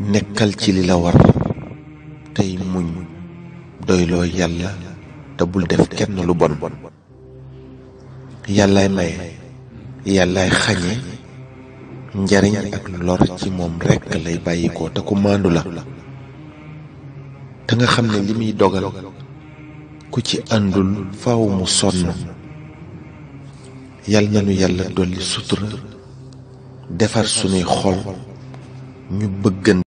nekkal ci li la war tey muñ doyloo yàlla te bul def kenn lu bon bon yàllaay maye yàllaay xañe njariñ ak lor ci moom rekk lay bàyyikoo te ku maandu la te nga xam ne li muy dogal ku ci àndul faaw mu sonn yal na nu yàlla dolli sutura defar sunuy xol ñu bëggan